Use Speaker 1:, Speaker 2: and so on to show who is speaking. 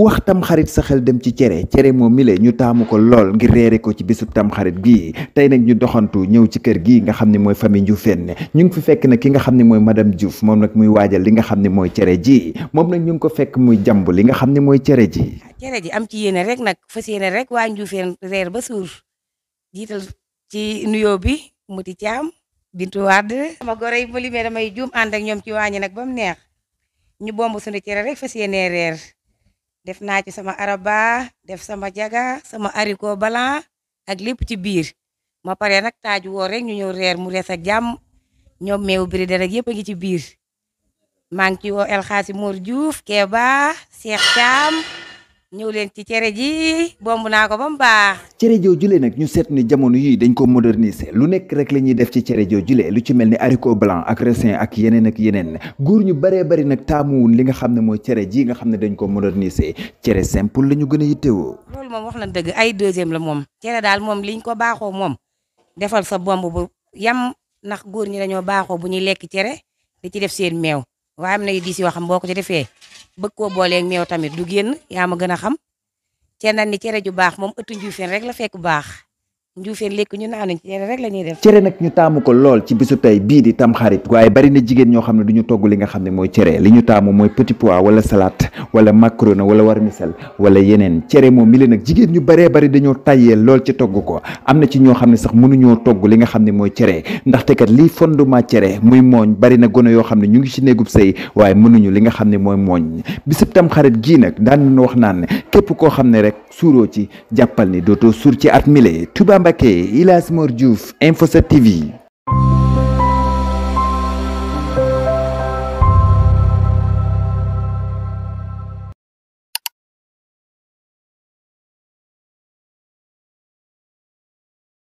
Speaker 1: ku wax tamxarit sa xel dem ci cere cere moom mi le ñu taamu ko lool ngir reere ko ci bisub tamxarit bii tey nag ñu doxantu ñëw ci kër gi nga xam ni mooy famille Ndioufène ñu ngi fi fekk nag ki nga xam ne li nga xam ne mooy cere ji moom ñu ngi ko fekk muy jàmb li nga xam ne mooy cere ji
Speaker 2: cere ji am ci yéene rek nag fas yéene rek waa Ndioufène reer ba suur jiital ci nuyoo bi muti caam bintu wadd sama goro yi ma limee damay juum ànd ak ñoom ci waañi nag ba mu neex ñu bomb suñu cere rek fas yéene reer def naa ci sama araba def sama jaga sama ariko blanc ak lépp ci biir ma pare nag taaju woor rek ñu ñëw reer mu rees ak jàmm ñoom meewu biri dara yëpp a ngi ci biir maa ngi ci woo El Hadji Mor Diouf Keba Cheikh Thiam ñëw leen ci cere ji bomb naa ko ba mu baax.
Speaker 1: cere joojule nag ñu seet ni jamono yii dañ ko moderniser lu nekk rek la ñuy def ci cere joojule lu ci mel ni haricot blanc ak raisin ak yeneen ak yeneen góor ñu baree bari nag taamuwun li nga xam ne mooy cere ji nga xam ne dañ ko moderniser cere simple la ñu gën a yittewoo.
Speaker 2: loolu moom wax na dëgg ay deuxième la moom cere daal moom liñ ko baaxoo moom defal sa bomb bu yam ndax góor ñi dañoo baaxoo bu ñuy lekk cere li ci def seen meew waaye am na yu diis yoo xam boo ko ci defee. bëgg koo booleeg meew tamit du génn yaa ma gën a xam cere nag ni cere ju baax moom ëttu njuufeen rek la fekk baax njuufeen lekk ñu naanuñ cere rek la ñuy def. cere
Speaker 1: nag ñu taamu ko lool ci bisu tey bii di tam xarit waaye bari na jigéen ñoo xam ne duñu ñu togg li nga xam ne mooy cere li ñu taamu mooy petit pois wala salaat wala macaroni wala warmisel wala yeneen cere moom mi nag jigéen ñu baree bari dañoo tayyeel lool ci togg ko am na ci ñoo xam ne sax mënuñoo togg li nga xam ne mooy cere ndaxte kat lii fondement cere muy mooñ bari na gone yoo xam ne ñu ngi ci néegub sëy waaye mënuñu li nga xam ne mooy mooñ bisib tam xarit gii nag daan na wax naan ne képp koo xam ne rek suuroo ci jàppal ni dootoo suur ci at mile Touba Mbacké Elhadji Mor Diouf Info 7 TV